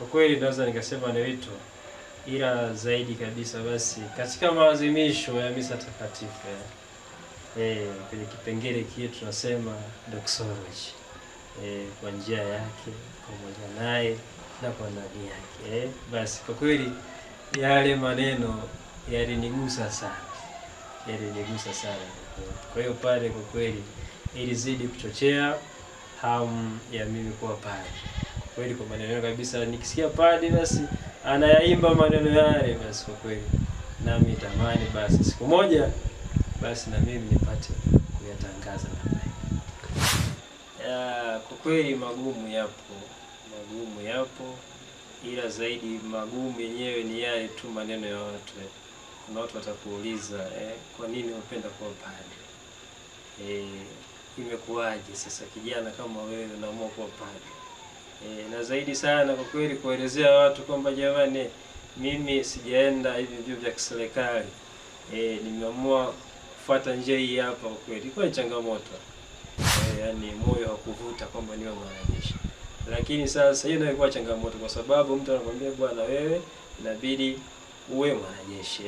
Kwa kweli naweza nikasema ni wito, ila zaidi kabisa basi katika maadhimisho ya misa takatifu eh, eh, kwenye kipengele kile tunasema doxology eh, kwa njia yake pamoja naye na kwa ndani yake eh, basi kwa kweli yale maneno yalinigusa sana, yalinigusa sana. Kwa hiyo pale kwa kweli ilizidi kuchochea hamu ya mimi kuwa pale kweli, kwa maneno kabisa. Nikisikia pale basi anayaimba maneno yale, basi kwa kweli nami tamani basi siku moja basi na mimi nipate kuyatangaza namna hiyo. Kwa kweli magumu yapo, magumu yapo, ila zaidi magumu yenyewe ni yale tu maneno ya watu. Kuna watu watakuuliza eh, kwa nini unapenda kuwa padre? Eh, imekuwaje sasa kijana kama wewe unaamua kuwa padre? e, na zaidi sana kwa kweli kuelezea watu kwamba jamani, mimi sijaenda hivi vyuo vya kiserikali e, nimeamua kufuata njia hii hapa. Kwa kweli ilikuwa ni changamoto e, eh, yani moyo wa kuvuta kwamba niwe mwanajeshi, lakini sasa hiyo ndio ilikuwa changamoto, kwa sababu mtu anakwambia bwana, wewe inabidi uwe mwanajeshi.